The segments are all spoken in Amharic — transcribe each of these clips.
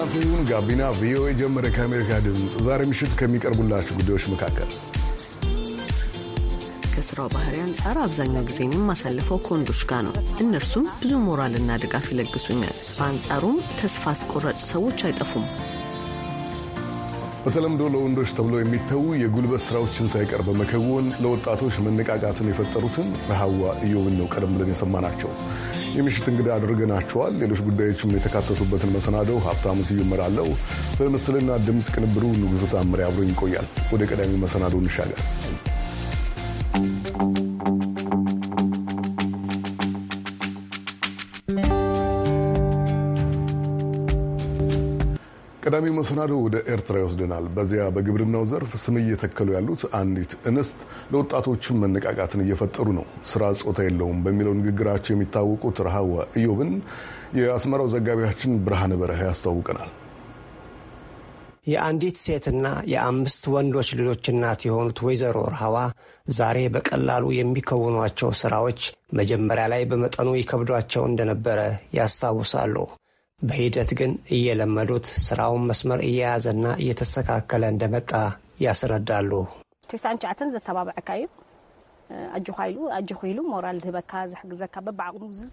የተሳተፉ ጋቢና ቪኦኤ ጀመረ። ከአሜሪካ ድምፅ ዛሬ ምሽት ከሚቀርቡላችሁ ጉዳዮች መካከል ከስራው ባህሪ አንጻር አብዛኛው ጊዜን የማሳልፈው ከወንዶች ጋር ነው። እነርሱም ብዙ ሞራልና ድጋፍ ይለግሱኛል። በአንጻሩም ተስፋ አስቆራጭ ሰዎች አይጠፉም። በተለምዶ ለወንዶች ተብለው የሚተዉ የጉልበት ስራዎችን ሳይቀር በመከወን ለወጣቶች መነቃቃትን የፈጠሩትን ረሃዋ እዮብን ነው ቀደም ብለን የሰማናቸው። የምሽት እንግዳ አድርገናቸዋል ሌሎች ጉዳዮችም የተካተቱበትን መሰናደው ሀብታሙ ስዩም በምስልና ድምፅ ቅንብሩ ንጉሱ ታምሬ አብሮ ይቆያል። ወደ ቀዳሚ መሰናዶ እንሻገር። ቀዳሚው መሰናዶ ወደ ኤርትራ ይወስደናል። በዚያ በግብርናው ዘርፍ ስም እየተከሉ ያሉት አንዲት እንስት ለወጣቶችን መነቃቃትን እየፈጠሩ ነው። ስራ ጾታ የለውም በሚለው ንግግራቸው የሚታወቁት ረሃወ እዮብን የአስመራው ዘጋቢያችን ብርሃነ በረሃ ያስተዋውቀናል። የአንዲት ሴትና የአምስት ወንዶች ልጆች እናት የሆኑት ወይዘሮ ርሃዋ ዛሬ በቀላሉ የሚከውኗቸው ስራዎች መጀመሪያ ላይ በመጠኑ ይከብዷቸው እንደነበረ ያስታውሳሉ። በሂደት ግን እየለመዱት ስራውን መስመር እየያዘና እየተስተካከለ እንደመጣ ያስረዳሉ።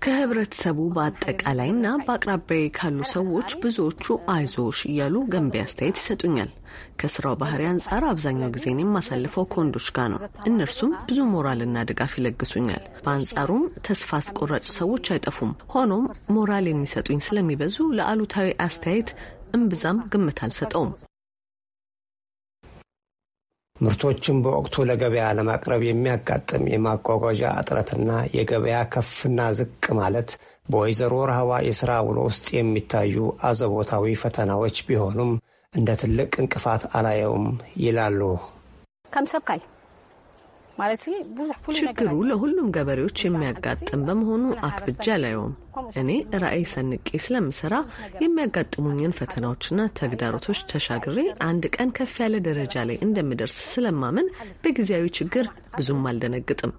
ከህብረተሰቡ በአጠቃላይና በአቅራቢያዬ ካሉ ሰዎች ብዙዎቹ አይዞሽ እያሉ ገንቢ አስተያየት ይሰጡኛል። ከስራው ባህሪ አንጻር አብዛኛው ጊዜን የማሳልፈው ከወንዶች ጋር ነው። እነርሱም ብዙ ሞራልና ድጋፍ ይለግሱኛል። በአንጻሩም ተስፋ አስቆራጭ ሰዎች አይጠፉም። ሆኖም ሞራል የሚሰጡኝ ስለሚበዙ ለአሉታዊ አስተያየት እምብዛም ግምት አልሰጠውም። ምርቶችን በወቅቱ ለገበያ ለማቅረብ የሚያጋጥም የማጓጓዣ እጥረትና የገበያ ከፍና ዝቅ ማለት በወይዘሮ ረሃዋ የሥራ ውሎ ውስጥ የሚታዩ አዘቦታዊ ፈተናዎች ቢሆኑም እንደ ትልቅ እንቅፋት አላየውም ይላሉ። ችግሩ ለሁሉም ገበሬዎች የሚያጋጥም በመሆኑ አክብጃ አላየውም። እኔ ራዕይ ሰንቄ ስለምሰራ የሚያጋጥሙኝን ፈተናዎችና ተግዳሮቶች ተሻግሬ አንድ ቀን ከፍ ያለ ደረጃ ላይ እንደምደርስ ስለማምን በጊዜያዊ ችግር ብዙም አልደነግጥም።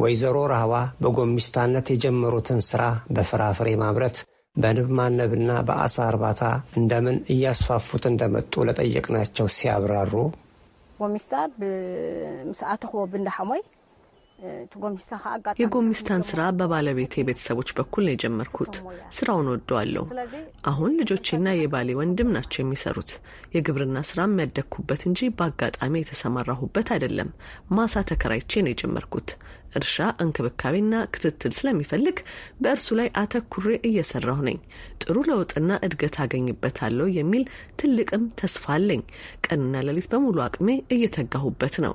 ወይዘሮ ራህዋ በጎሚስታነት የጀመሩትን ስራ በፍራፍሬ ማምረት በንብ ማነብና በአሳ እርባታ እንደምን እያስፋፉት እንደመጡ ለጠየቅናቸው ሲያብራሩ የጎሚስታን ስራ በባለቤቴ ቤተሰቦች በኩል ነው የጀመርኩት። ስራውን ወደዋለሁ። አሁን ልጆቼና የባሌ ወንድም ናቸው የሚሰሩት። የግብርና ስራ የሚያደግኩበት እንጂ በአጋጣሚ የተሰማራሁበት አይደለም። ማሳ ተከራይቼ ነው የጀመርኩት። እርሻ እንክብካቤና ክትትል ስለሚፈልግ በእርሱ ላይ አተኩሬ እየሰራሁ ነኝ። ጥሩ ለውጥና እድገት አገኝበታለሁ የሚል ትልቅም ተስፋ አለኝ። ቀንና ሌሊት በሙሉ አቅሜ እየተጋሁበት ነው።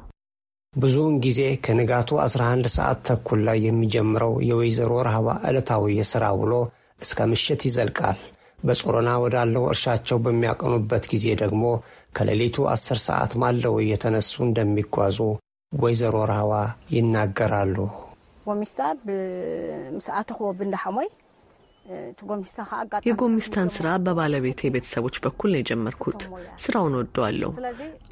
ብዙውን ጊዜ ከንጋቱ 11 ሰዓት ተኩል ላይ የሚጀምረው የወይዘሮ ረሃባ ዕለታዊ የሥራ ውሎ እስከ ምሽት ይዘልቃል። በጾሮና ወዳለው እርሻቸው በሚያቀኑበት ጊዜ ደግሞ ከሌሊቱ 10 ሰዓት ማለው እየተነሱ እንደሚጓዙ ወይዘሮ ራህዋ ይናገራሉ። የጎሚስታን ስራ በባለቤቴ ቤተሰቦች በኩል ነው የጀመርኩት። ስራውን ወደዋለሁ።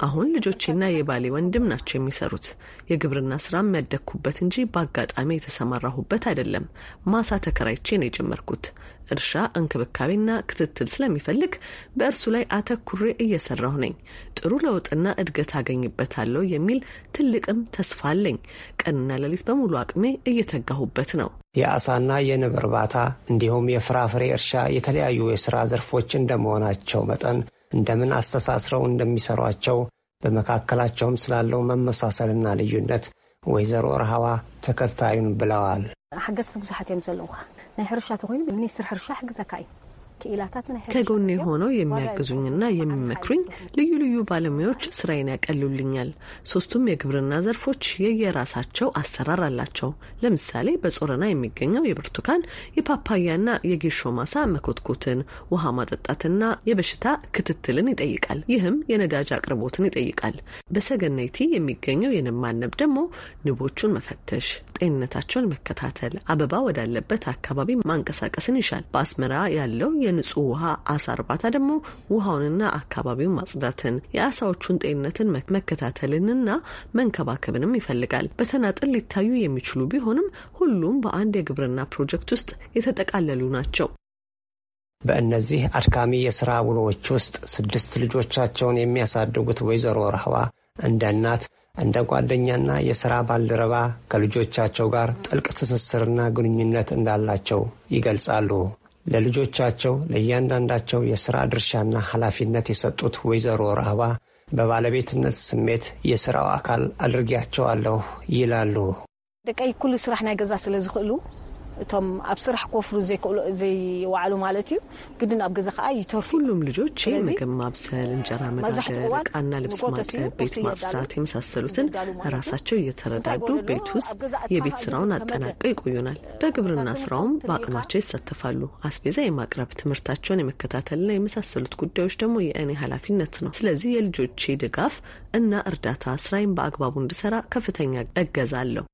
አሁን ልጆቼና የባሌ ወንድም ናቸው የሚሰሩት። የግብርና ስራ ያደግኩበት እንጂ በአጋጣሚ የተሰማራሁበት አይደለም። ማሳ ተከራይቼ ነው የጀመርኩት። እርሻ እንክብካቤና ክትትል ስለሚፈልግ በእርሱ ላይ አተኩሬ እየሰራሁ ነኝ። ጥሩ ለውጥና እድገት አገኝበታለሁ የሚል ትልቅም ተስፋ አለኝ። ቀንና ሌሊት በሙሉ አቅሜ እየተጋሁበት ነው። የአሳና የንብ እርባታ እንዲሁም የፍራፍሬ እርሻ የተለያዩ የሥራ ዘርፎች እንደመሆናቸው መጠን እንደምን አስተሳስረው እንደሚሰሯቸው በመካከላቸውም ስላለው መመሳሰልና ልዩነት ወይዘሮ ረሃዋ ተከታዩን ብለዋል። ሓገዝቲ ብዙሓት እዮም ዘለዉካ ናይ ሕርሻ ተኮይኑ ሚኒስትር ሕርሻ ሕጊ ዘካ እዩ ከጎኔ ሆነው የሚያግዙኝና የሚመክሩኝ ልዩ ልዩ ባለሙያዎች ስራዬን ያቀሉልኛል። ሶስቱም የግብርና ዘርፎች የየራሳቸው አሰራር አላቸው። ለምሳሌ በጾረና የሚገኘው የብርቱካን የፓፓያና የጌሾ ማሳ መኮትኮትን፣ ውሃ ማጠጣትና የበሽታ ክትትልን ይጠይቃል። ይህም የነዳጅ አቅርቦትን ይጠይቃል። በሰገነይቲ የሚገኘው የንብ ማነብ ደግሞ ንቦቹን መፈተሽ፣ ጤንነታቸውን መከታተል፣ አበባ ወዳለበት አካባቢ ማንቀሳቀስን ይሻል። በአስመራ ያለው የንጹህ ውሃ አሳ እርባታ ደግሞ ውሃውንና አካባቢውን ማጽዳትን የአሳዎቹን ጤንነትን መከታተልንና መንከባከብንም ይፈልጋል። በተናጥል ሊታዩ የሚችሉ ቢሆንም ሁሉም በአንድ የግብርና ፕሮጀክት ውስጥ የተጠቃለሉ ናቸው። በእነዚህ አድካሚ የሥራ ውሎዎች ውስጥ ስድስት ልጆቻቸውን የሚያሳድጉት ወይዘሮ ረህዋ እንደ እናት እንደ ጓደኛና የሥራ ባልደረባ ከልጆቻቸው ጋር ጥልቅ ትስስርና ግንኙነት እንዳላቸው ይገልጻሉ። ለልጆቻቸው ለእያንዳንዳቸው የሥራ ድርሻና ኃላፊነት የሰጡት ወይዘሮ ራህባ በባለቤትነት ስሜት የሥራው አካል አድርጌያቸዋለሁ ይላሉ። ደቀይ ኩሉ ስራሕ ናይ ገዛ ስለ ዝኽእሉ እቶም ኣብ ስራሕ ዘይክእሉ ዘይዋዕሉ ማለት እዩ ግድን ኣብ ገዛ ከዓ ይተርፉ ኩሉም ልጆች ምግብ ማብሰል፣ እንጀራ መጋገር፣ ዕቃና ልብስ ማጠብ፣ ቤት ማጽዳት የመሳሰሉትን ራሳቸው እየተረዳዱ ቤት ውስጥ የቤት ስራውን አጠናቀው ይቆዩናል። በግብርና ስራውም በአቅማቸው ይሳተፋሉ። አስቤዛ የማቅረብ ትምህርታቸውን የመከታተልና የመሳሰሉት ጉዳዮች ደግሞ የእኔ ኃላፊነት ነው። ስለዚህ የልጆቼ ድጋፍ እና እርዳታ ስራዬን በአግባቡ እንድሰራ ከፍተኛ እገዛ አለሁ።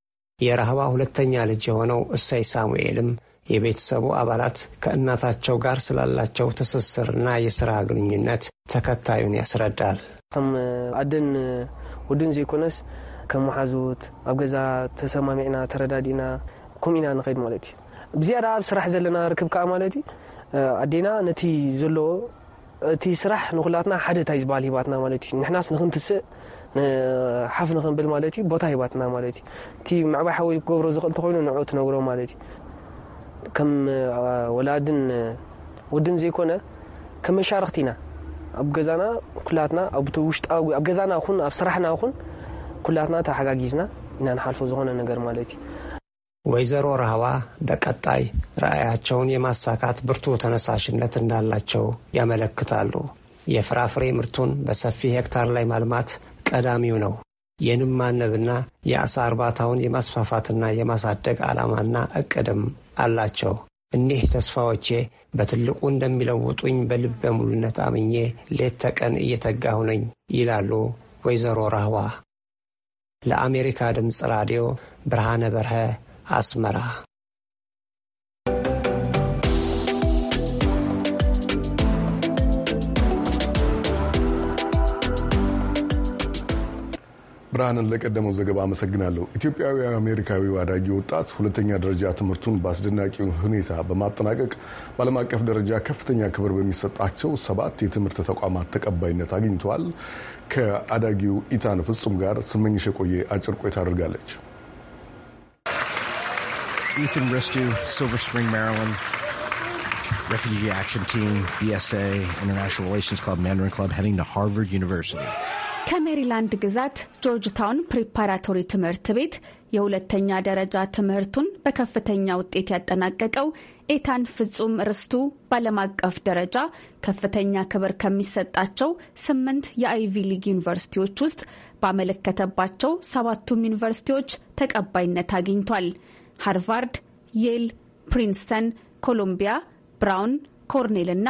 የረሃባ ሁለተኛ ልጅ የሆነው እሰይ ሳሙኤልም የቤተሰቡ አባላት ከእናታቸው ጋር ስላላቸው ትስስርና የሥራ ግንኙነት ተከታዩን ያስረዳል። ከም አደን ውድን ዘይኮነስ ከም መሓዙት ኣብ ገዛ ተሰማሚዕና ተረዳዲና ኩም ኢና ንኸይድ ማለት እዩ ብዝያዳ ኣብ ስራሕ ዘለና ርክብ ከዓ ማለት እዩ ኣዴና ነቲ ዘለዎ እቲ ስራሕ ንኩላትና ሓደ እንታይ ዝበሃል ሂባትና ማለት እዩ ንሕናስ ንክንትስእ ሓፍ ንክንብል ማለት እዩ ቦታ ሂባትና ማለት እዩ እቲ ምዕባይ ሓወይ ክገብሮ ዝኽእል እንተኮይኑ ንዕኡ ትነግሮ ማለት እዩ ከም ወላድን ወድን ዘይኮነ ከም መሻርክቲ ኢና ኣብ ገዛና ኩላትና ኣብቲ ውሽጣዊ ኣብ ገዛና ኹን ኣብ ስራሕና ኹን ኩላትና ተሓጋጊዝና ኢና ንሓልፎ ዝኾነ ነገር ማለት እዩ ወይዘሮ ረህዋ በቀጣይ ራዕያቸውን የማሳካት ብርቱ ተነሳሽነት እንዳላቸው ያመለክታሉ። የፍራፍሬ ምርቱን በሰፊ ሄክታር ላይ ማልማት ቀዳሚው ነው። የንብ ማነብና የአሳ እርባታውን የማስፋፋትና የማሳደግ ዓላማና እቅድም አላቸው። እኒህ ተስፋዎቼ በትልቁ እንደሚለውጡኝ በልበ ሙሉነት አምኜ ሌት ተቀን እየተጋሁ ነኝ ይላሉ ወይዘሮ ራህዋ። ለአሜሪካ ድምፅ ራዲዮ ብርሃነ በርሀ አስመራ ብርሃንን ለቀደመው ዘገባ አመሰግናለሁ። ኢትዮጵያዊ አሜሪካዊ አዳጊ ወጣት ሁለተኛ ደረጃ ትምህርቱን በአስደናቂ ሁኔታ በማጠናቀቅ በዓለም አቀፍ ደረጃ ከፍተኛ ክብር በሚሰጣቸው ሰባት የትምህርት ተቋማት ተቀባይነት አግኝተዋል። ከአዳጊው ኢታን ፍጹም ጋር ስመኝሽ የቆየ አጭር ቆይታ አድርጋለች። Ethan Ristu, Silver Spring, Maryland. Refugee Action Team, BSA, International Relations Club, Mandarin Club, heading to Harvard University. ከሜሪላንድ ግዛት ጆርጅታውን ፕሪፓራቶሪ ትምህርት ቤት የሁለተኛ ደረጃ ትምህርቱን በከፍተኛ ውጤት ያጠናቀቀው ኤታን ፍጹም ርስቱ በዓለም አቀፍ ደረጃ ከፍተኛ ክብር ከሚሰጣቸው ስምንት የአይቪ ሊግ ዩኒቨርሲቲዎች ውስጥ ባመለከተባቸው ሰባቱም ዩኒቨርሲቲዎች ተቀባይነት አግኝቷል። ሃርቫርድ፣ ዬል፣ ፕሪንስተን፣ ኮሎምቢያ፣ ብራውን፣ ኮርኔል እና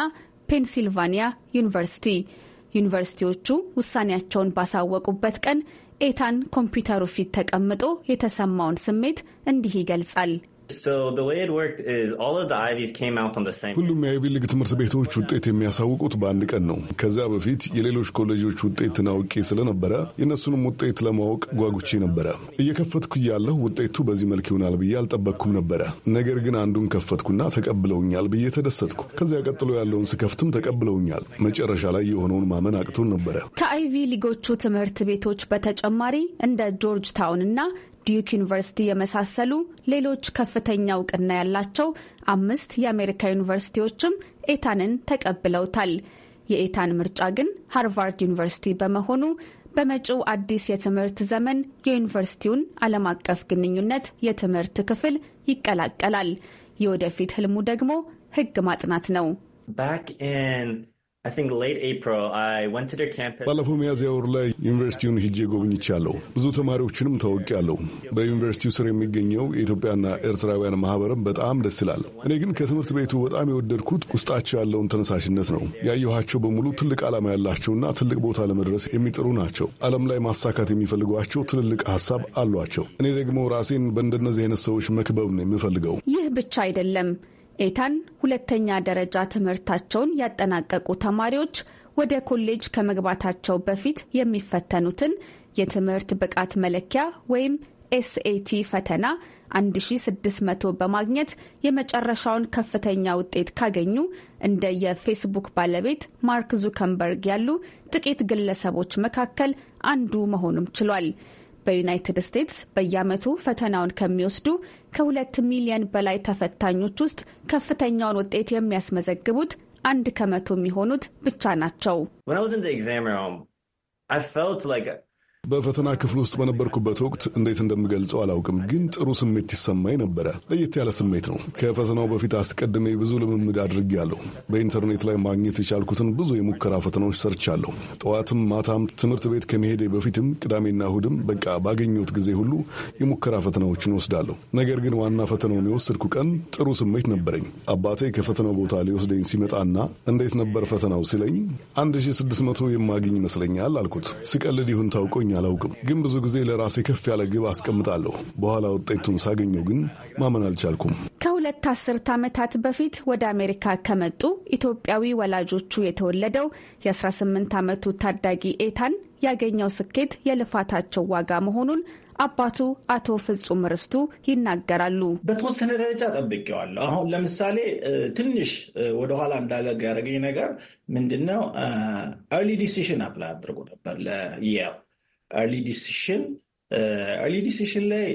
ፔንሲልቫኒያ ዩኒቨርሲቲ ዩኒቨርሲቲዎቹ ውሳኔያቸውን ባሳወቁበት ቀን ኤታን ኮምፒውተሩ ፊት ተቀምጦ የተሰማውን ስሜት እንዲህ ይገልጻል። ሁሉም የአይቪ ሊግ ትምህርት ቤቶች ውጤት የሚያሳውቁት በአንድ ቀን ነው። ከዚያ በፊት የሌሎች ኮሌጆች ውጤትን አውቄ ስለነበረ የእነሱንም ውጤት ለማወቅ ጓጉቼ ነበረ። እየከፈትኩ እያለሁ ውጤቱ በዚህ መልክ ይሆናል ብዬ አልጠበቅኩም ነበረ። ነገር ግን አንዱን ከፈትኩና ተቀብለውኛል ብዬ ተደሰትኩ። ከዚያ ቀጥሎ ያለውን ስከፍትም ተቀብለውኛል። መጨረሻ ላይ የሆነውን ማመን አቅቶን ነበረ። ከአይቪ ሊጎቹ ትምህርት ቤቶች በተጨማሪ እንደ ጆርጅ ታውን እና ዲዩክ ዩኒቨርሲቲ የመሳሰሉ ሌሎች ከፍተኛ እውቅና ያላቸው አምስት የአሜሪካ ዩኒቨርሲቲዎችም ኤታንን ተቀብለውታል። የኤታን ምርጫ ግን ሃርቫርድ ዩኒቨርሲቲ በመሆኑ በመጪው አዲስ የትምህርት ዘመን የዩኒቨርሲቲውን ዓለም አቀፍ ግንኙነት የትምህርት ክፍል ይቀላቀላል። የወደፊት ህልሙ ደግሞ ህግ ማጥናት ነው። ባለፈው ሚያዝያ ወር ላይ ዩኒቨርሲቲውን ሂጄ ጎብኝቻለሁ። ብዙ ተማሪዎችንም ታውቂያለሁ። በዩኒቨርሲቲው ስር የሚገኘው የኢትዮጵያና ኤርትራውያን ማህበርም በጣም ደስ ይላል። እኔ ግን ከትምህርት ቤቱ በጣም የወደድኩት ውስጣቸው ያለውን ተነሳሽነት ነው። ያየኋቸው በሙሉ ትልቅ ዓላማ ያላቸውና ትልቅ ቦታ ለመድረስ የሚጥሩ ናቸው። ዓለም ላይ ማሳካት የሚፈልጓቸው ትልልቅ ሀሳብ አሏቸው። እኔ ደግሞ ራሴን በእንደነዚህ አይነት ሰዎች መክበብ ነው የምፈልገው። ይህ ብቻ አይደለም። ኤታን ሁለተኛ ደረጃ ትምህርታቸውን ያጠናቀቁ ተማሪዎች ወደ ኮሌጅ ከመግባታቸው በፊት የሚፈተኑትን የትምህርት ብቃት መለኪያ ወይም ኤስኤቲ ፈተና 1600 በማግኘት የመጨረሻውን ከፍተኛ ውጤት ካገኙ እንደ የፌስቡክ ባለቤት ማርክ ዙከንበርግ ያሉ ጥቂት ግለሰቦች መካከል አንዱ መሆኑም ችሏል። በዩናይትድ ስቴትስ በየዓመቱ ፈተናውን ከሚወስዱ ከሁለት ሚሊየን በላይ ተፈታኞች ውስጥ ከፍተኛውን ውጤት የሚያስመዘግቡት አንድ ከመቶ የሚሆኑት ብቻ ናቸው። በፈተና ክፍል ውስጥ በነበርኩበት ወቅት እንዴት እንደምገልጸው አላውቅም፣ ግን ጥሩ ስሜት ይሰማኝ ነበረ። ለየት ያለ ስሜት ነው። ከፈተናው በፊት አስቀድሜ ብዙ ልምምድ አድርጌያለሁ። በኢንተርኔት ላይ ማግኘት የቻልኩትን ብዙ የሙከራ ፈተናዎች ሰርቻለሁ። ጠዋትም ማታም፣ ትምህርት ቤት ከመሄዴ በፊትም፣ ቅዳሜና እሁድም፣ በቃ ባገኘሁት ጊዜ ሁሉ የሙከራ ፈተናዎችን ወስዳለሁ። ነገር ግን ዋና ፈተናውን የወሰድኩ ቀን ጥሩ ስሜት ነበረኝ። አባቴ ከፈተናው ቦታ ሊወስደኝ ሲመጣና እንዴት ነበር ፈተናው ሲለኝ 1600 የማግኝ ይመስለኛል አልኩት። ስቀልድ ይሁን ታውቆኝ ገጥሞኝ አላውቅም፣ ግን ብዙ ጊዜ ለራሴ ከፍ ያለ ግብ አስቀምጣለሁ። በኋላ ውጤቱን ሳገኘው ግን ማመን አልቻልኩም። ከሁለት አስርት ዓመታት በፊት ወደ አሜሪካ ከመጡ ኢትዮጵያዊ ወላጆቹ የተወለደው የ18 ዓመቱ ታዳጊ ኤታን ያገኘው ስኬት የልፋታቸው ዋጋ መሆኑን አባቱ አቶ ፍጹም ርስቱ ይናገራሉ። በተወሰነ ደረጃ ጠብቄዋለሁ። አሁን ለምሳሌ ትንሽ ወደኋላ እንዳለግ ያደረገኝ ነገር ምንድነው? ኤርሊ ዲሲሽን አፕላይ አድርጎ ነበር ለየው ኤርሊ ዲሲሽን ኤርሊ ዲሲሽን ላይ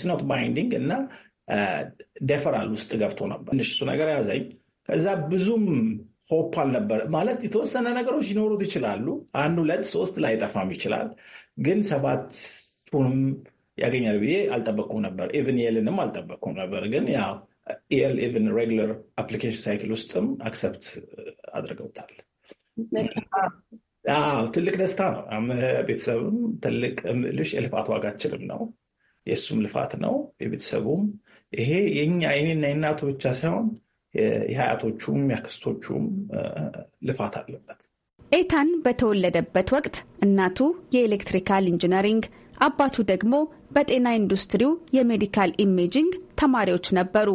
ስኖት uh, ባይንዲንግ እና ደፈራል uh, ውስጥ ገብቶ ነበር። ትንሽ እሱ ነገር ያዘኝ። ከዛ ብዙም ሆፕ አልነበር ማለት የተወሰነ ነገሮች ሊኖሩት ይችላሉ። አንድ ሁለት ሶስት ላይ ጠፋም ይችላል፣ ግን ሰባቱንም ያገኛል ብዬ አልጠበቅኩም ነበር። ኢቭን ኤልንም አልጠበቅኩም ነበር። ግን ያው ኤል ኢቭን ሬግለር አፕሊኬሽን ሳይክል ውስጥም አክሰፕት uh, አድርገውታል። ትልቅ ደስታ ነው። ቤተሰብም ትልቅ ልሽ የልፋት ዋጋችንም ነው። የእሱም ልፋት ነው የቤተሰቡም። ይሄ የኛ የኔና የእናቱ ብቻ ሳይሆን የሀያቶቹም የአክስቶቹም ልፋት አለበት። ኤታን በተወለደበት ወቅት እናቱ የኤሌክትሪካል ኢንጂነሪንግ፣ አባቱ ደግሞ በጤና ኢንዱስትሪው የሜዲካል ኢሜጂንግ ተማሪዎች ነበሩ።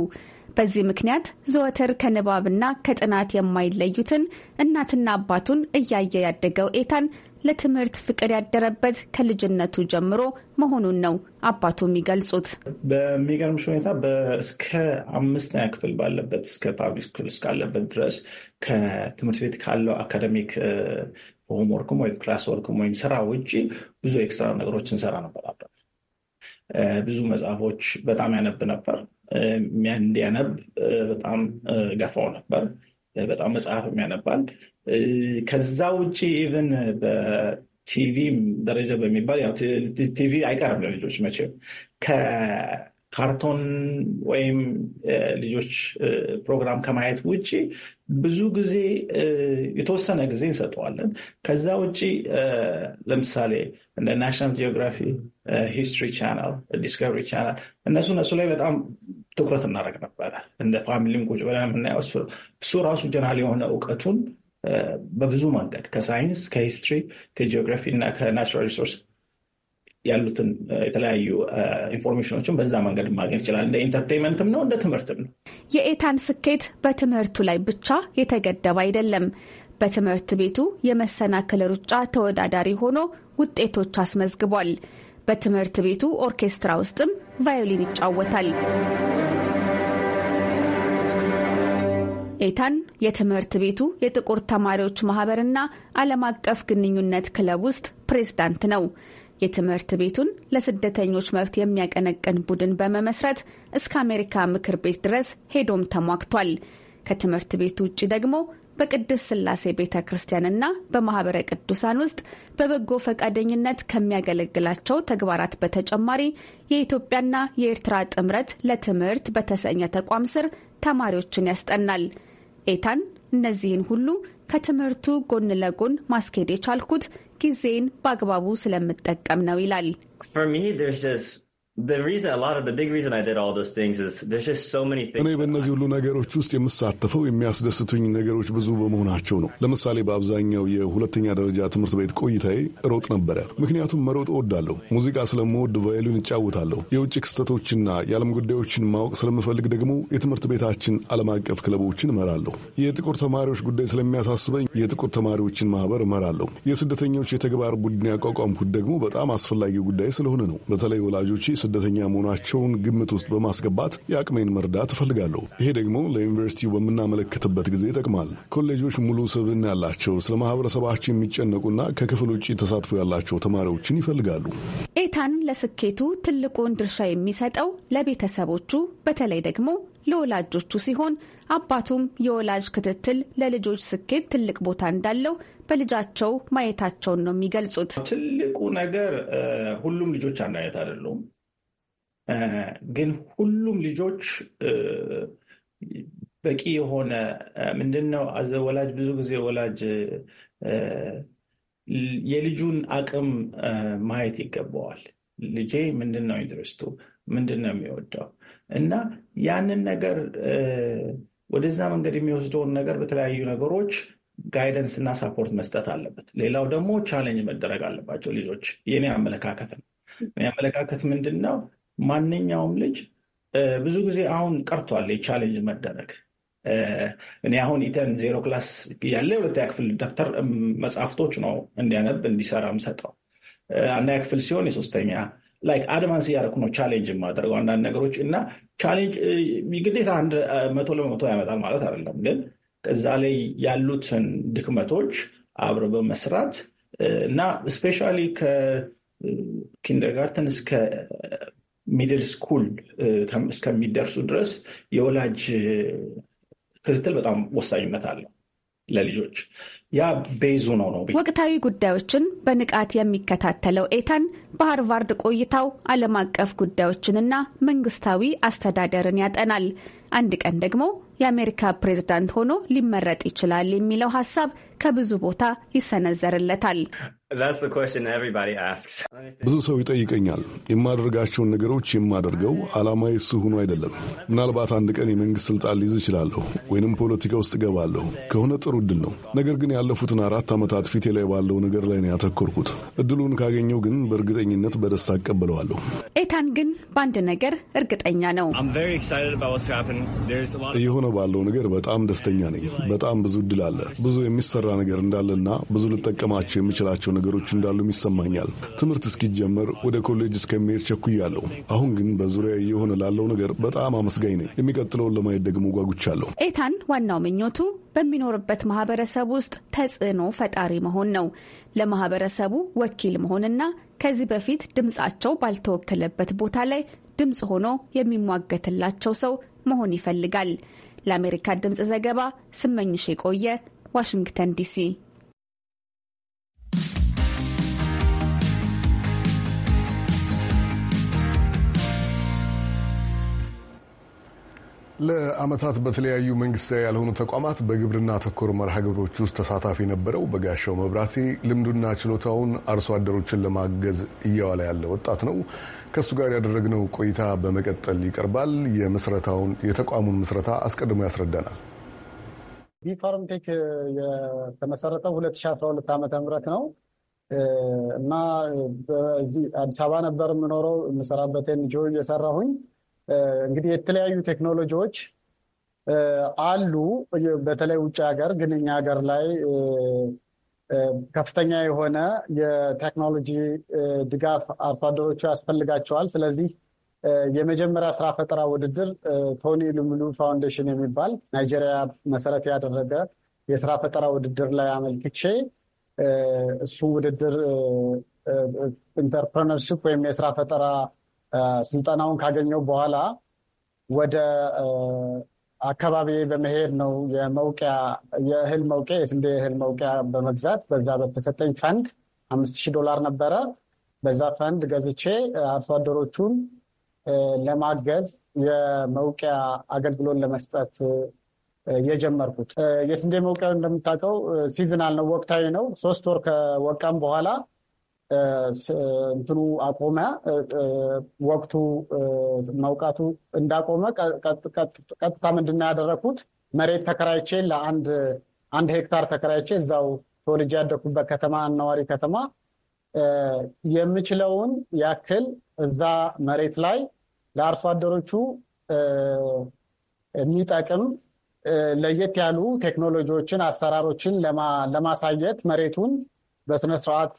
በዚህ ምክንያት ዘወትር ከንባብና ከጥናት የማይለዩትን እናትና አባቱን እያየ ያደገው ኤታን ለትምህርት ፍቅር ያደረበት ከልጅነቱ ጀምሮ መሆኑን ነው አባቱ የሚገልጹት። በሚገርምሽ ሁኔታ እስከ አምስተኛ ክፍል ባለበት እስከ ፓብሊክ ስኩል እስካለበት ድረስ ከትምህርት ቤት ካለው አካደሚክ ሆምወርክም ወይም ክላስ ወርክም ወይም ስራ ውጭ ብዙ ኤክስትራ ነገሮች እንሰራ ነበር። ብዙ መጽሐፎች በጣም ያነብ ነበር። እንዲያነብ በጣም ገፋው ነበር። በጣም መጽሐፍ የሚያነባል። ከዛ ውጭ ኢቨን በቲቪ ደረጃ በሚባል ቲቪ አይቀርም ለልጆች መቼም ከካርቶን ወይም ልጆች ፕሮግራም ከማየት ውጭ ብዙ ጊዜ የተወሰነ ጊዜ እንሰጠዋለን። ከዛ ውጭ ለምሳሌ እንደ ናሽናል ጂኦግራፊ ሂስትሪ ቻናል፣ ዲስከቨሪ ቻናል እነሱ እነሱ ላይ በጣም ትኩረት እናደርግ ነበረ። እንደ ፋሚሊም ቁጭ ብለን የምናየው እሱ ራሱ ጀናል የሆነ እውቀቱን uh, በብዙ መንገድ ከሳይንስ ከሂስትሪ፣ ከጂኦግራፊ እና ከናቹራል ሪሶርስ ያሉትን uh, የተለያዩ uh, ኢንፎርሜሽኖችን በዛ መንገድ ማግኘት ይችላል። እንደ ኢንተርቴንመንትም ነው እንደ ትምህርትም ነው። የኤታን ስኬት በትምህርቱ ላይ ብቻ የተገደበ አይደለም። በትምህርት ቤቱ የመሰናክል ሩጫ ተወዳዳሪ ሆኖ ውጤቶች አስመዝግቧል። በትምህርት ቤቱ ኦርኬስትራ ውስጥም ቫዮሊን ይጫወታል። ኤታን የትምህርት ቤቱ የጥቁር ተማሪዎች ማህበርና ዓለም አቀፍ ግንኙነት ክለብ ውስጥ ፕሬዝዳንት ነው። የትምህርት ቤቱን ለስደተኞች መብት የሚያቀነቅን ቡድን በመመስረት እስከ አሜሪካ ምክር ቤት ድረስ ሄዶም ተሟግቷል። ከትምህርት ቤቱ ውጭ ደግሞ በቅድስት ስላሴ ቤተ ክርስቲያንና በማህበረ ቅዱሳን ውስጥ በበጎ ፈቃደኝነት ከሚያገለግላቸው ተግባራት በተጨማሪ የኢትዮጵያና የኤርትራ ጥምረት ለትምህርት በተሰኘ ተቋም ስር ተማሪዎችን ያስጠናል። ኤታን እነዚህን ሁሉ ከትምህርቱ ጎን ለጎን ማስኬድ የቻልኩት ጊዜን በአግባቡ ስለምጠቀም ነው ይላል። እኔ በእነዚህ ሁሉ ነገሮች ውስጥ የምሳተፈው የሚያስደስቱኝ ነገሮች ብዙ በመሆናቸው ነው። ለምሳሌ በአብዛኛው የሁለተኛ ደረጃ ትምህርት ቤት ቆይታዬ ሮጥ ነበረ። ምክንያቱም መሮጥ እወዳለሁ። ሙዚቃ ስለምወድ ቫዮሊን እጫወታለሁ። የውጭ ክስተቶችና የዓለም ጉዳዮችን ማወቅ ስለምፈልግ ደግሞ የትምህርት ቤታችን ዓለም አቀፍ ክለቦችን እመራለሁ። የጥቁር ተማሪዎች ጉዳይ ስለሚያሳስበኝ የጥቁር ተማሪዎችን ማህበር እመራለሁ። የስደተኞች የተግባር ቡድን ያቋቋምኩት ደግሞ በጣም አስፈላጊ ጉዳይ ስለሆነ ነው። በተለይ ወላጆች ስደተኛ መሆናቸውን ግምት ውስጥ በማስገባት የአቅሜን መርዳት እፈልጋለሁ። ይሄ ደግሞ ለዩኒቨርሲቲው በምናመለክትበት ጊዜ ይጠቅማል። ኮሌጆች ሙሉ ስብዕና ያላቸው ስለ ማህበረሰባቸው የሚጨነቁና ከክፍል ውጭ ተሳትፎ ያላቸው ተማሪዎችን ይፈልጋሉ። ኤታን ለስኬቱ ትልቁን ድርሻ የሚሰጠው ለቤተሰቦቹ በተለይ ደግሞ ለወላጆቹ ሲሆን አባቱም የወላጅ ክትትል ለልጆች ስኬት ትልቅ ቦታ እንዳለው በልጃቸው ማየታቸውን ነው የሚገልጹት። ትልቁ ነገር ሁሉም ልጆች አንድ አይነት አይደሉም። ግን ሁሉም ልጆች በቂ የሆነ ምንድን ነው ወላጅ ብዙ ጊዜ ወላጅ የልጁን አቅም ማየት ይገባዋል። ልጄ ምንድን ነው ኢንትረስቱ፣ ምንድን ነው የሚወደው እና ያንን ነገር ወደዛ መንገድ የሚወስደውን ነገር በተለያዩ ነገሮች ጋይደንስ እና ሳፖርት መስጠት አለበት። ሌላው ደግሞ ቻለንጅ መደረግ አለባቸው ልጆች። የኔ አመለካከት ነው። የኔ አመለካከት ምንድን ነው ማንኛውም ልጅ ብዙ ጊዜ አሁን ቀርቷል የቻሌንጅ መደረግ። እኔ አሁን ኢተን ዜሮ ክላስ ያለ የሁለተኛ ክፍል ደብተር መጽሐፍቶች ነው እንዲያነብ እንዲሰራ ምሰጠው። አንደኛ ክፍል ሲሆን የሶስተኛ ላይክ አድቫንስ እያደረኩ ነው ቻሌንጅ የማደርገው አንዳንድ ነገሮች እና ቻሌንጅ ግዴታ አንድ መቶ ለመቶ ያመጣል ማለት አይደለም፣ ግን እዛ ላይ ያሉትን ድክመቶች አብረ በመስራት እና ስፔሻሊ ከኪንደርጋርተን እስከ ሚድል ስኩል እስከሚደርሱ ድረስ የወላጅ ክትትል በጣም ወሳኝነት አለው ለልጆች። ያ ቤዙ ነው ነው። ወቅታዊ ጉዳዮችን በንቃት የሚከታተለው ኤታን በሃርቫርድ ቆይታው ዓለም አቀፍ ጉዳዮችንና መንግስታዊ አስተዳደርን ያጠናል። አንድ ቀን ደግሞ የአሜሪካ ፕሬዝዳንት ሆኖ ሊመረጥ ይችላል የሚለው ሀሳብ ከብዙ ቦታ ይሰነዘርለታል። ብዙ ሰው ይጠይቀኛል። የማደርጋቸውን ነገሮች የማደርገው ዓላማዬ የሱ ሆኖ አይደለም። ምናልባት አንድ ቀን የመንግሥት ሥልጣን ሊይዝ እችላለሁ ወይንም ፖለቲካ ውስጥ እገባለሁ ከሆነ ጥሩ እድል ነው። ነገር ግን ያለፉትን አራት ዓመታት ፊቴ ላይ ባለው ነገር ላይ ነው ያተኮርኩት። እድሉን ካገኘው ግን በእርግጠኝነት በደስታ እቀበለዋለሁ። ኤታን ግን በአንድ ነገር እርግጠኛ ነው። እየሆነ ባለው ነገር በጣም ደስተኛ ነኝ። በጣም ብዙ እድል አለ፣ ብዙ የሚሰራ ነገር እንዳለና ብዙ ልጠቀማቸው የምችላቸው ነገሮች እንዳሉም ይሰማኛል። ትምህርት እስኪጀመር ወደ ኮሌጅ እስከሚሄድ ቸኩያለሁ። አሁን ግን በዙሪያ እየሆነ ላለው ነገር በጣም አመስጋኝ ነኝ። የሚቀጥለውን ለማየት ደግሞ ጓጉቻለሁ። ኤታን ዋናው ምኞቱ በሚኖርበት ማህበረሰብ ውስጥ ተጽዕኖ ፈጣሪ መሆን ነው። ለማህበረሰቡ ወኪል መሆንና ከዚህ በፊት ድምጻቸው ባልተወከለበት ቦታ ላይ ድምፅ ሆኖ የሚሟገትላቸው ሰው መሆን ይፈልጋል። ለአሜሪካ ድምፅ ዘገባ ስመኝሽ የቆየ ዋሽንግተን ዲሲ። ለአመታት በተለያዩ መንግስታዊ ያልሆኑ ተቋማት በግብርና ተኮር መርሃ ግብሮች ውስጥ ተሳታፊ ነበረው በጋሻው መብራቴ ልምዱና ችሎታውን አርሶ አደሮችን ለማገዝ እያዋለ ያለ ወጣት ነው። ከእሱ ጋር ያደረግነው ቆይታ በመቀጠል ይቀርባል። የምስረታውን የተቋሙን ምስረታ አስቀድሞ ያስረዳናል። ቢፋርምቴክ የተመሰረተው 2012 ዓ ም ነው እና አዲስ አበባ ነበር የምኖረው የምሰራበትን ጆ እየሰራሁኝ እንግዲህ የተለያዩ ቴክኖሎጂዎች አሉ። በተለይ ውጭ ሀገር ግን እኛ ሀገር ላይ ከፍተኛ የሆነ የቴክኖሎጂ ድጋፍ አርሶ አደሮቹ ያስፈልጋቸዋል። ስለዚህ የመጀመሪያ ስራ ፈጠራ ውድድር ቶኒ ሉሙሉ ፋውንዴሽን የሚባል ናይጄሪያ መሰረት ያደረገ የስራ ፈጠራ ውድድር ላይ አመልክቼ እሱ ውድድር ኢንተርፕረነርሽፕ ወይም የስራ ፈጠራ ስልጠናውን ካገኘው በኋላ ወደ አካባቢ በመሄድ ነው የመውቂያ የእህል መውቂያ የስንዴ እህል መውቂያ በመግዛት በዛ በተሰጠኝ ፈንድ አምስት ሺህ ዶላር ነበረ። በዛ ፈንድ ገዝቼ አርሶ አደሮቹን ለማገዝ የመውቂያ አገልግሎት ለመስጠት የጀመርኩት። የስንዴ መውቂያው እንደምታውቀው ሲዝናል ነው፣ ወቅታዊ ነው። ሶስት ወር ከወቃም በኋላ እንትኑ አቆመ። ወቅቱ መውቃቱ እንዳቆመ ቀጥታ ምንድን ያደረግኩት ያደረኩት? መሬት ተከራይቼ ለአንድ አንድ ሄክታር ተከራይቼ እዛው ተወልጄ ያደኩበት ከተማ አነዋሪ ከተማ የምችለውን ያክል እዛ መሬት ላይ ለአርሶ አደሮቹ የሚጠቅም ለየት ያሉ ቴክኖሎጂዎችን፣ አሰራሮችን ለማሳየት መሬቱን በስነስርዓት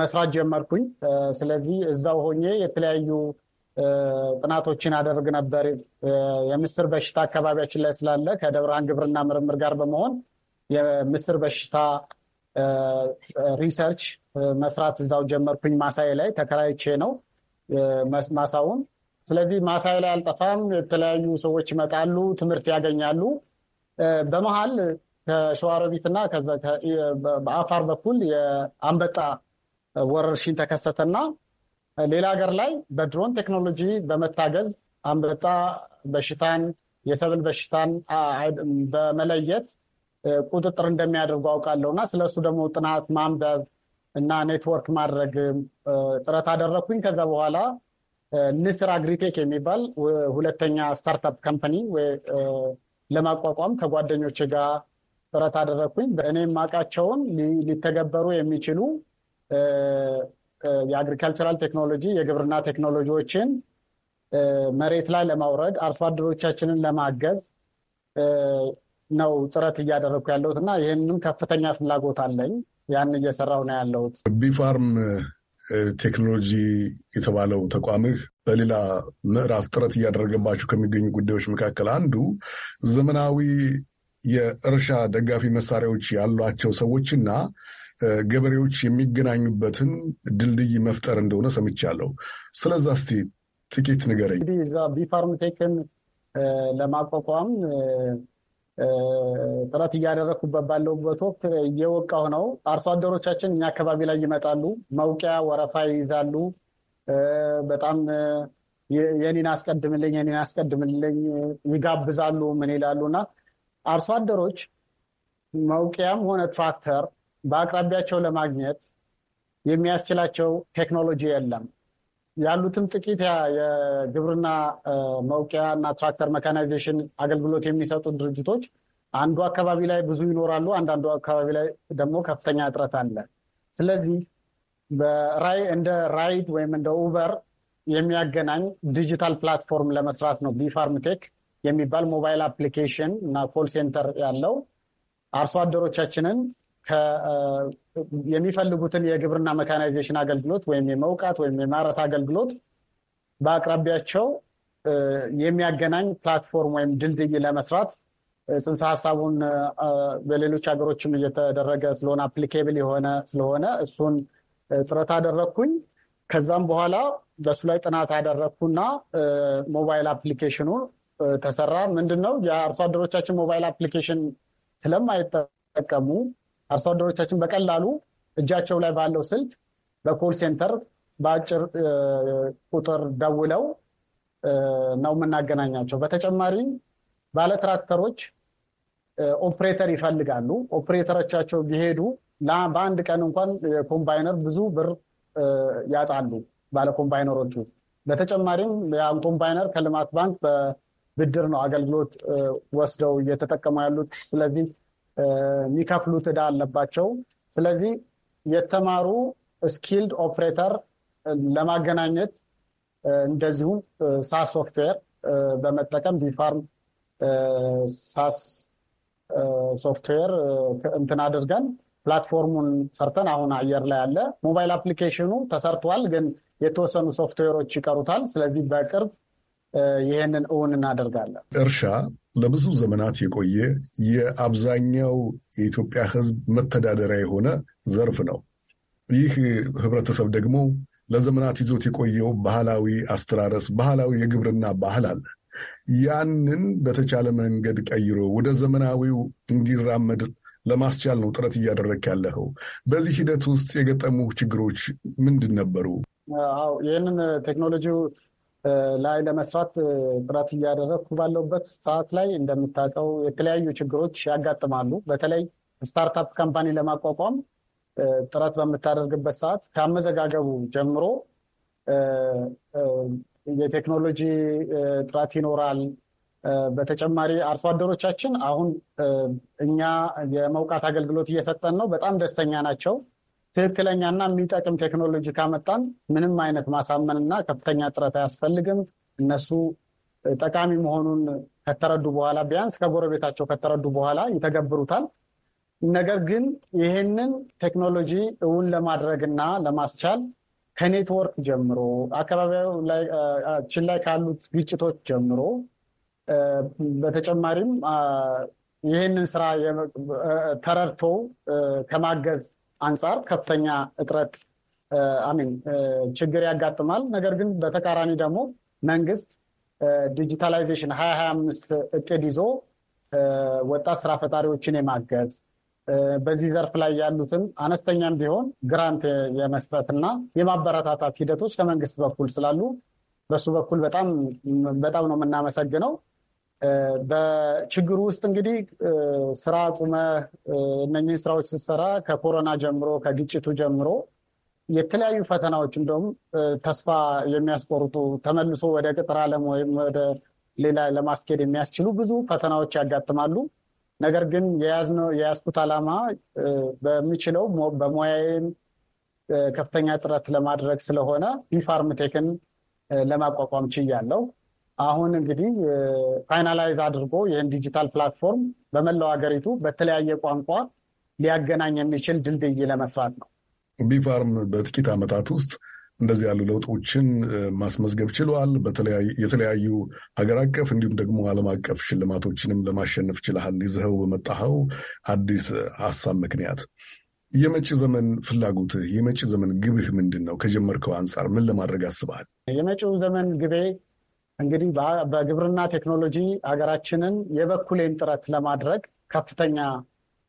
መስራት ጀመርኩኝ። ስለዚህ እዛው ሆኜ የተለያዩ ጥናቶችን አደርግ ነበር። የምስር በሽታ አካባቢያችን ላይ ስላለ ከደብረ ግብርና ምርምር ጋር በመሆን የምስር በሽታ ሪሰርች መስራት እዛው ጀመርኩኝ። ማሳዬ ላይ ተከራይቼ ነው ማሳውን። ስለዚህ ማሳዬ ላይ አልጠፋም። የተለያዩ ሰዎች ይመጣሉ፣ ትምህርት ያገኛሉ። በመሀል ከሸዋሮቢትና በአፋር በኩል የአንበጣ ወረርሽኝ ተከሰተና ሌላ ሀገር ላይ በድሮን ቴክኖሎጂ በመታገዝ አንበጣ በሽታን የሰብል በሽታን በመለየት ቁጥጥር እንደሚያደርጉ አውቃለሁ እና ስለሱ ደግሞ ጥናት ማንበብ እና ኔትወርክ ማድረግ ጥረት አደረግኩኝ። ከዛ በኋላ ንስር አግሪቴክ የሚባል ሁለተኛ ስታርታፕ ካምፓኒ ለማቋቋም ከጓደኞች ጋር ጥረት አደረግኩኝ። እኔ የማውቃቸውን ሊተገበሩ የሚችሉ የአግሪካልቸራል ቴክኖሎጂ የግብርና ቴክኖሎጂዎችን መሬት ላይ ለማውረድ አርሶ አደሮቻችንን ለማገዝ ነው ጥረት እያደረግኩ ያለሁት እና ይህንም ከፍተኛ ፍላጎት አለኝ። ያን እየሰራው ነው ያለሁት። ቢፋርም ቴክኖሎጂ የተባለው ተቋምህ በሌላ ምዕራፍ ጥረት እያደረገባቸው ከሚገኙ ጉዳዮች መካከል አንዱ ዘመናዊ የእርሻ ደጋፊ መሳሪያዎች ያሏቸው ሰዎችና ገበሬዎች የሚገናኙበትን ድልድይ መፍጠር እንደሆነ ሰምቻለሁ። ስለዛ እስቲ ጥቂት ንገረኝ። እንግዲህ እዛ ቢፋርም ቴክን ለማቋቋም ጥረት እያደረግኩበት ባለውበት ወቅት እየወቃሁ ነው። አርሶ አደሮቻችን እኛ አካባቢ ላይ ይመጣሉ፣ መውቂያ ወረፋ ይይዛሉ። በጣም የኔን አስቀድምልኝ፣ የኔን አስቀድምልኝ ይጋብዛሉ። ምን ይላሉ እና አርሶ አደሮች መውቂያም ሆነ ትራክተር በአቅራቢያቸው ለማግኘት የሚያስችላቸው ቴክኖሎጂ የለም። ያሉትም ጥቂት የግብርና መውቂያ እና ትራክተር መካናይዜሽን አገልግሎት የሚሰጡ ድርጅቶች አንዱ አካባቢ ላይ ብዙ ይኖራሉ፣ አንዳንዱ አካባቢ ላይ ደግሞ ከፍተኛ እጥረት አለ። ስለዚህ እንደ ራይድ ወይም እንደ ኡበር የሚያገናኝ ዲጂታል ፕላትፎርም ለመስራት ነው ቢፋርምቴክ የሚባል ሞባይል አፕሊኬሽን እና ኮል ሴንተር ያለው አርሶ አደሮቻችንን የሚፈልጉትን የግብርና መካናይዜሽን አገልግሎት ወይም የመውቃት ወይም የማረስ አገልግሎት በአቅራቢያቸው የሚያገናኝ ፕላትፎርም ወይም ድልድይ ለመስራት ጽንሰ ሀሳቡን በሌሎች ሀገሮችም እየተደረገ ስለሆነ አፕሊኬብል የሆነ ስለሆነ እሱን ጥረት አደረግኩኝ። ከዛም በኋላ በእሱ ላይ ጥናት አደረግኩና ሞባይል አፕሊኬሽኑ ተሰራ። ምንድን ነው የአርሶ አደሮቻችን ሞባይል አፕሊኬሽን ስለማይጠቀሙ አርሶ አደሮቻችን በቀላሉ እጃቸው ላይ ባለው ስልክ በኮል ሴንተር በአጭር ቁጥር ደውለው ነው የምናገናኛቸው። በተጨማሪም ባለ ትራክተሮች ኦፕሬተር ይፈልጋሉ። ኦፕሬተሮቻቸው ቢሄዱ በአንድ ቀን እንኳን ኮምባይነር ብዙ ብር ያጣሉ ባለ ኮምባይነሮቹ። በተጨማሪም ያን ኮምባይነር ከልማት ባንክ ብድር ነው አገልግሎት ወስደው እየተጠቀሙ ያሉት። ስለዚህ የሚከፍሉት ዕዳ አለባቸው። ስለዚህ የተማሩ ስኪልድ ኦፕሬተር ለማገናኘት እንደዚሁም ሳስ ሶፍትዌር በመጠቀም ቢፋርም ሳስ ሶፍትዌር እንትን አድርገን ፕላትፎርሙን ሰርተን አሁን አየር ላይ ያለ ሞባይል አፕሊኬሽኑ ተሰርቷል፣ ግን የተወሰኑ ሶፍትዌሮች ይቀሩታል። ስለዚህ በቅርብ ይህንን እውን እናደርጋለን። እርሻ ለብዙ ዘመናት የቆየ የአብዛኛው የኢትዮጵያ ሕዝብ መተዳደሪያ የሆነ ዘርፍ ነው። ይህ ህብረተሰብ ደግሞ ለዘመናት ይዞት የቆየው ባህላዊ አስተራረስ፣ ባህላዊ የግብርና ባህል አለ። ያንን በተቻለ መንገድ ቀይሮ ወደ ዘመናዊው እንዲራመድ ለማስቻል ነው ጥረት እያደረክ ያለኸው። በዚህ ሂደት ውስጥ የገጠሙ ችግሮች ምንድን ነበሩ? ይህንን ቴክኖሎጂው ላይ ለመስራት ጥረት እያደረግኩ ባለውበት ሰዓት ላይ እንደምታውቀው የተለያዩ ችግሮች ያጋጥማሉ። በተለይ ስታርታፕ ካምፓኒ ለማቋቋም ጥረት በምታደርግበት ሰዓት ከአመዘጋገቡ ጀምሮ የቴክኖሎጂ ጥረት ይኖራል። በተጨማሪ አርሶ አደሮቻችን አሁን እኛ የመውቃት አገልግሎት እየሰጠን ነው፣ በጣም ደስተኛ ናቸው። ትክክለኛና የሚጠቅም ቴክኖሎጂ ካመጣን ምንም አይነት ማሳመንና ከፍተኛ ጥረት አያስፈልግም። እነሱ ጠቃሚ መሆኑን ከተረዱ በኋላ ቢያንስ ከጎረቤታቸው ከተረዱ በኋላ ይተገብሩታል። ነገር ግን ይህንን ቴክኖሎጂ እውን ለማድረግና ለማስቻል ከኔትወርክ ጀምሮ አካባቢያችን ላይ ካሉት ግጭቶች ጀምሮ በተጨማሪም ይህንን ስራ ተረድቶ ከማገዝ አንጻር ከፍተኛ እጥረት አሚን ችግር ያጋጥማል። ነገር ግን በተቃራኒ ደግሞ መንግስት ዲጂታላይዜሽን ሀያ ሀያ አምስት እቅድ ይዞ ወጣት ስራ ፈጣሪዎችን የማገዝ በዚህ ዘርፍ ላይ ያሉትን አነስተኛም ቢሆን ግራንት የመስጠትና የማበረታታት ሂደቶች ከመንግስት በኩል ስላሉ በሱ በኩል በጣም በጣም ነው የምናመሰግነው። በችግሩ ውስጥ እንግዲህ ስራ ቁመ እነኚህ ስራዎች ስትሰራ ከኮሮና ጀምሮ ከግጭቱ ጀምሮ የተለያዩ ፈተናዎች እንደውም ተስፋ የሚያስቆርጡ ተመልሶ ወደ ቅጥር ዓለም ወይም ወደ ሌላ ለማስኬድ የሚያስችሉ ብዙ ፈተናዎች ያጋጥማሉ። ነገር ግን የያዝኩት ዓላማ በሚችለው በሙያዬም ከፍተኛ ጥረት ለማድረግ ስለሆነ ቢፋርምቴክን ለማቋቋም ችያለሁ። አሁን እንግዲህ ፋይናላይዝ አድርጎ ይህን ዲጂታል ፕላትፎርም በመላው ሀገሪቱ በተለያየ ቋንቋ ሊያገናኝ የሚችል ድልድይ ለመስራት ነው። ቢፋርም በጥቂት ዓመታት ውስጥ እንደዚህ ያሉ ለውጦችን ማስመዝገብ ችሏል። የተለያዩ ሀገር አቀፍ እንዲሁም ደግሞ ዓለም አቀፍ ሽልማቶችንም ለማሸነፍ ችልሃል። ይዘኸው በመጣኸው አዲስ ሀሳብ ምክንያት የመጪ ዘመን ፍላጎትህ የመጪ ዘመን ግብህ ምንድን ነው? ከጀመርከው አንጻር ምን ለማድረግ አስበሃል? የመጪው ዘመን ግቤ እንግዲህ በግብርና ቴክኖሎጂ ሀገራችንን የበኩሌን ጥረት ለማድረግ ከፍተኛ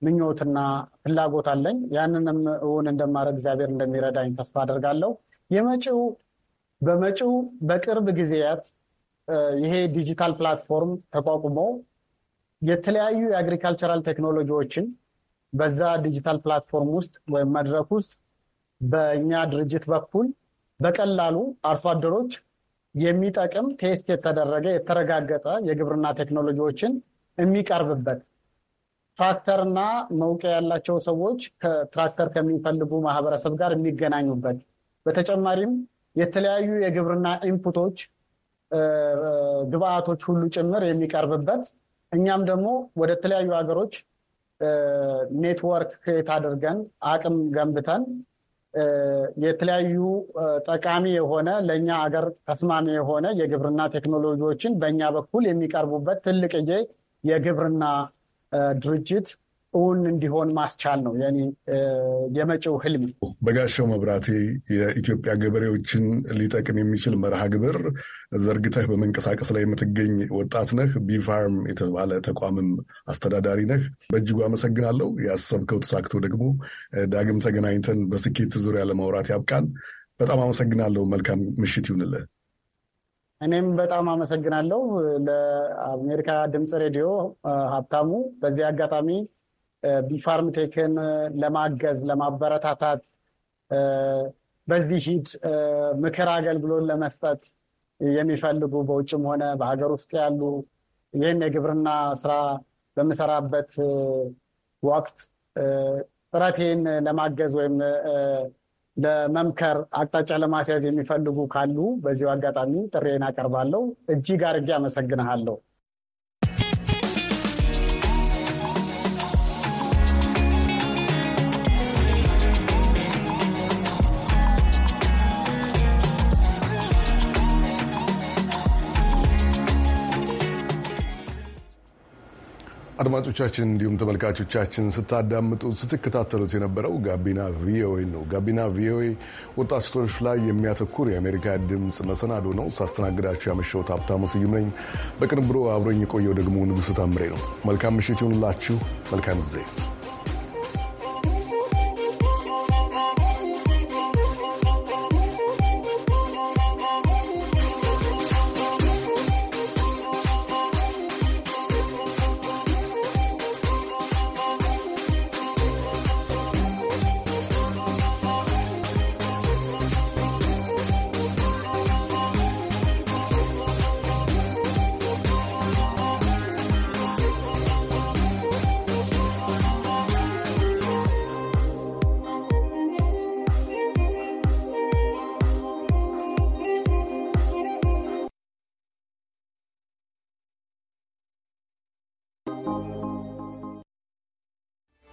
ምኞትና ፍላጎት አለኝ። ያንንም እውን እንደማድረግ እግዚአብሔር እንደሚረዳኝ ተስፋ አደርጋለሁ። የመጪው በመጪው በቅርብ ጊዜያት ይሄ ዲጂታል ፕላትፎርም ተቋቁሞ የተለያዩ የአግሪካልቸራል ቴክኖሎጂዎችን በዛ ዲጂታል ፕላትፎርም ውስጥ ወይም መድረክ ውስጥ በእኛ ድርጅት በኩል በቀላሉ አርሶ አደሮች የሚጠቅም ቴስት የተደረገ የተረጋገጠ የግብርና ቴክኖሎጂዎችን የሚቀርብበት ትራክተርና መውቂያ ያላቸው ሰዎች ትራክተር ከሚፈልጉ ማህበረሰብ ጋር የሚገናኙበት በተጨማሪም የተለያዩ የግብርና ኢንፑቶች ግብአቶች ሁሉ ጭምር የሚቀርብበት እኛም ደግሞ ወደ ተለያዩ ሀገሮች ኔትወርክ ክሬት አድርገን አቅም ገንብተን የተለያዩ ጠቃሚ የሆነ ለእኛ አገር ተስማሚ የሆነ የግብርና ቴክኖሎጂዎችን በእኛ በኩል የሚቀርቡበት ትልቅዬ የግብርና ድርጅት እውን እንዲሆን ማስቻል ነው የኔ የመጪው ህልም። በጋሻው መብራቴ የኢትዮጵያ ገበሬዎችን ሊጠቅም የሚችል መርሃ ግብር ዘርግተህ በመንቀሳቀስ ላይ የምትገኝ ወጣት ነህ። ቢፋርም የተባለ ተቋምም አስተዳዳሪ ነህ። በእጅጉ አመሰግናለሁ። ያሰብከው ተሳክቶ ደግሞ ዳግም ተገናኝተን በስኬት ዙሪያ ለማውራት ያብቃን። በጣም አመሰግናለሁ። መልካም ምሽት ይሁንልህ። እኔም በጣም አመሰግናለሁ ለአሜሪካ ድምፅ ሬዲዮ ሀብታሙ። በዚህ አጋጣሚ ቢፋርምቴክን ለማገዝ ለማበረታታት በዚህ ሂድ ምክር አገልግሎት ለመስጠት የሚፈልጉ በውጭም ሆነ በሀገር ውስጥ ያሉ ይህን የግብርና ስራ በምሰራበት ወቅት ጥረቴን ለማገዝ ወይም ለመምከር አቅጣጫ ለማስያዝ የሚፈልጉ ካሉ በዚሁ አጋጣሚ ጥሬን አቀርባለሁ። እጅግ አድርጌ አመሰግንሃለሁ። አድማጮቻችን እንዲሁም ተመልካቾቻችን ስታዳምጡት ስትከታተሉት የነበረው ጋቢና ቪኦኤ ነው። ጋቢና ቪኦኤ ወጣቶች ላይ የሚያተኩር የአሜሪካ ድምፅ መሰናዶ ነው። ሳስተናግዳችሁ ያመሸሁት ሀብታሙ ስዩም ነኝ። በቅንብሮ አብሮኝ የቆየው ደግሞ ንጉሥ ታምሬ ነው። መልካም ምሽት ይሁንላችሁ። መልካም ጊዜ